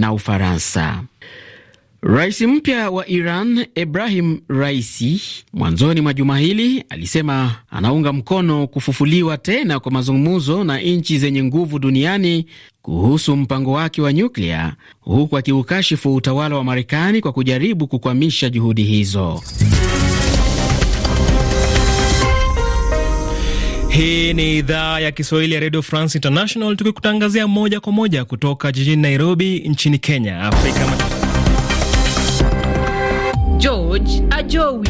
na Ufaransa. Rais mpya wa Iran Ibrahim Raisi mwanzoni mwa juma hili alisema anaunga mkono kufufuliwa tena kwa mazungumzo na nchi zenye nguvu duniani kuhusu mpango wake wa nyuklia, huku akiukashifu utawala wa Marekani kwa kujaribu kukwamisha juhudi hizo. Hii ni idhaa ya Kiswahili ya Radio France International, tukikutangazia moja kwa moja kutoka jijini Nairobi nchini Kenya, Afrika. George Ajowi.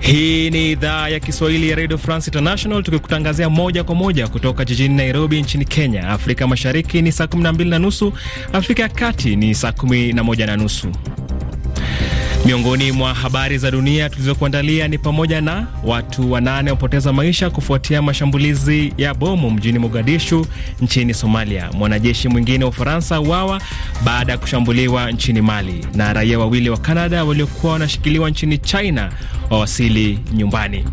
Hii ni idhaa ya Kiswahili ya Radio France International tukikutangazia moja kwa moja kutoka jijini Nairobi nchini Kenya. Afrika Mashariki ni saa 12 na nusu, Afrika ya Kati ni saa 11 na nusu. Miongoni mwa habari za dunia tulizokuandalia ni pamoja na watu wanane wapoteza maisha kufuatia mashambulizi ya bomu mjini Mogadishu nchini Somalia. Mwanajeshi mwingine wa Ufaransa uawa baada ya kushambuliwa nchini Mali, na raia wawili wa Kanada waliokuwa wanashikiliwa nchini China wawasili nyumbani.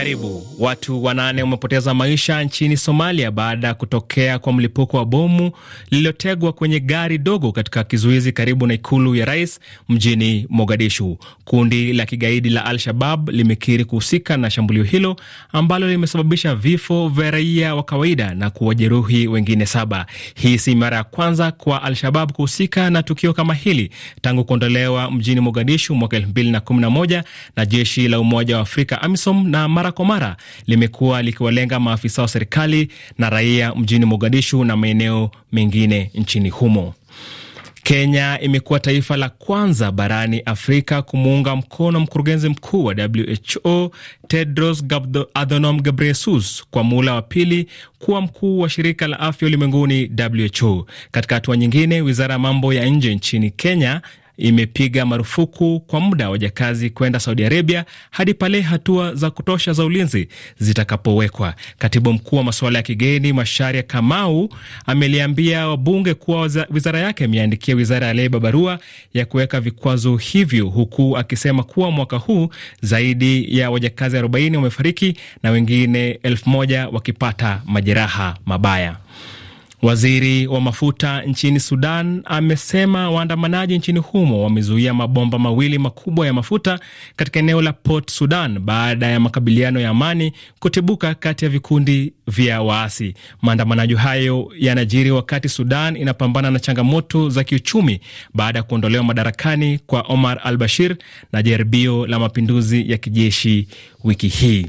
Karibu. Watu wanane wamepoteza maisha nchini Somalia baada ya kutokea kwa mlipuko wa bomu lililotegwa kwenye gari dogo katika kizuizi karibu na ikulu ya rais mjini Mogadishu. Kundi la kigaidi la Al-Shabab limekiri kuhusika na shambulio hilo ambalo limesababisha vifo vya raia wa kawaida na kuwajeruhi wengine saba. Hii si mara ya kwanza kwa Al-Shabab kuhusika na tukio kama hili tangu kuondolewa mjini Mogadishu mwaka 2011 na jeshi la Umoja wa Afrika AMISOM na mara mara kwa mara limekuwa likiwalenga maafisa wa serikali na raia mjini Mogadishu na maeneo mengine nchini humo. Kenya imekuwa taifa la kwanza barani Afrika kumuunga mkono mkurugenzi mkuu wa WHO Tedros Adhanom Ghebreyesus kwa muhula wa pili kuwa mkuu wa shirika la afya ulimwenguni WHO. Katika hatua nyingine, wizara ya mambo ya nje nchini Kenya imepiga marufuku kwa muda wajakazi kwenda Saudi Arabia hadi pale hatua za kutosha za ulinzi zitakapowekwa. Katibu mkuu wa masuala ya kigeni Masharia Kamau ameliambia wabunge kuwa wizara yake imeandikia wizara ya leba barua ya kuweka vikwazo hivyo, huku akisema kuwa mwaka huu zaidi ya wajakazi 40 wamefariki na wengine elfu moja wakipata majeraha mabaya. Waziri wa mafuta nchini Sudan amesema waandamanaji nchini humo wamezuia mabomba mawili makubwa ya mafuta katika eneo la Port Sudan baada ya makabiliano ya amani kutibuka kati ya vikundi vya waasi. Maandamanaji hayo yanajiri wakati Sudan inapambana na changamoto za kiuchumi baada ya kuondolewa madarakani kwa Omar al Bashir na jaribio la mapinduzi ya kijeshi wiki hii.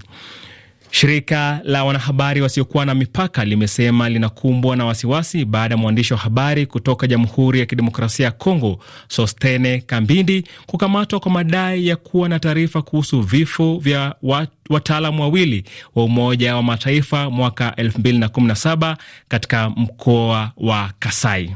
Shirika la wanahabari wasiokuwa na mipaka limesema linakumbwa na wasiwasi baada ya mwandishi wa habari kutoka Jamhuri ya Kidemokrasia ya Kongo, Sostene Kambindi, kukamatwa kwa madai ya kuwa na taarifa kuhusu vifo vya wataalamu wawili wa Umoja wa Mataifa mwaka 2017 katika mkoa wa Kasai.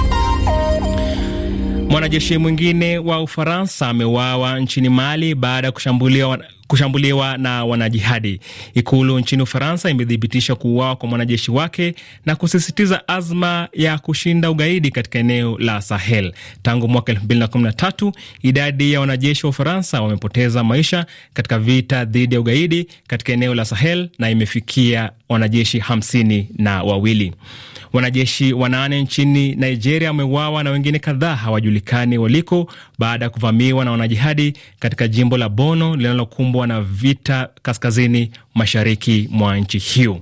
Mwanajeshi mwingine wa Ufaransa ameuawa nchini Mali baada ya kushambuliwa kushambuliwa na wanajihadi. Ikulu nchini Ufaransa imethibitisha kuuawa kwa mwanajeshi wake na kusisitiza azma ya kushinda ugaidi katika eneo la Sahel. Tangu mwaka 2013 idadi ya wanajeshi wa Ufaransa wamepoteza maisha katika vita dhidi ya ugaidi katika eneo la Sahel na imefikia wanajeshi hamsini na wawili. Wanajeshi wanane nchini Nigeria wameuawa na wengine kadhaa hawajulikani waliko baada ya kuvamiwa na wanajihadi katika jimbo la Bono linalokumbwa na vita kaskazini mashariki mwa nchi hiyo.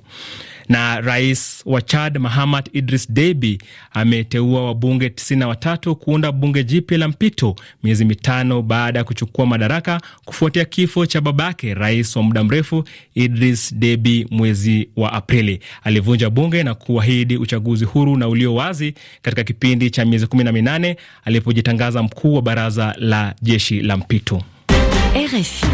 Na rais wa Chad Mahamat Idris Deby ameteua wabunge 93 kuunda bunge jipya la mpito miezi mitano baada ya kuchukua madaraka kufuatia kifo cha babake rais wa muda mrefu Idris Deby mwezi wa Aprili. Alivunja bunge na kuahidi uchaguzi huru na ulio wazi katika kipindi cha miezi 18 alipojitangaza mkuu wa baraza la jeshi la mpito. RFI.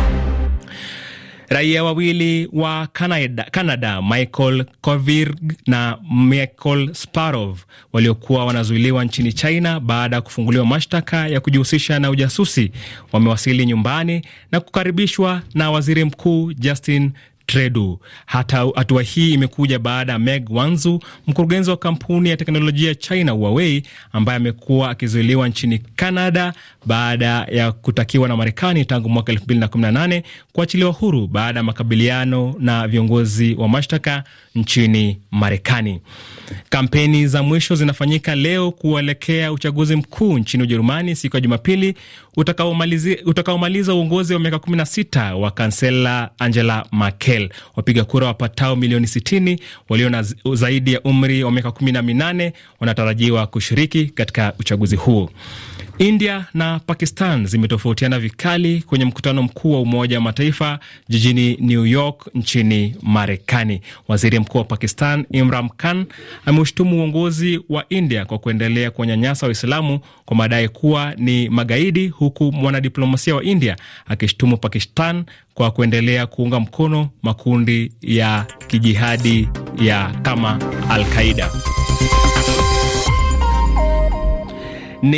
Raia wawili wa Canada, Canada Michael Kovirg na Michael Sparov waliokuwa wanazuiliwa nchini China baada ya kufunguliwa mashtaka ya kujihusisha na ujasusi wamewasili nyumbani na kukaribishwa na Waziri Mkuu Justin Tredu. Hata hatua hii imekuja baada ya Meg Wanzu, mkurugenzi wa kampuni ya teknolojia China Huawei, ambaye amekuwa akizuiliwa nchini Canada baada ya kutakiwa na Marekani tangu mwaka 2018 kuachiliwa huru baada ya makabiliano na viongozi wa mashtaka nchini Marekani. Kampeni za mwisho zinafanyika leo kuelekea uchaguzi mkuu nchini Ujerumani siku ya Jumapili utakaomaliza uongozi wa miaka 16 wa kansela Angela Merkel. Sahel. Wapiga kura wapatao milioni 60 walio na zaidi ya umri wa miaka 18 wanatarajiwa kushiriki katika uchaguzi huu. India na Pakistan zimetofautiana vikali kwenye mkutano mkuu wa Umoja wa Mataifa jijini New York nchini Marekani. Waziri Mkuu wa Pakistan Imran Khan ameushtumu uongozi wa India kwa kuendelea kuwanyanyasa Waislamu kwa madai kuwa ni magaidi, huku mwanadiplomasia wa India akishtumu Pakistan kwa kuendelea kuunga mkono makundi ya kijihadi ya kama Al Qaida.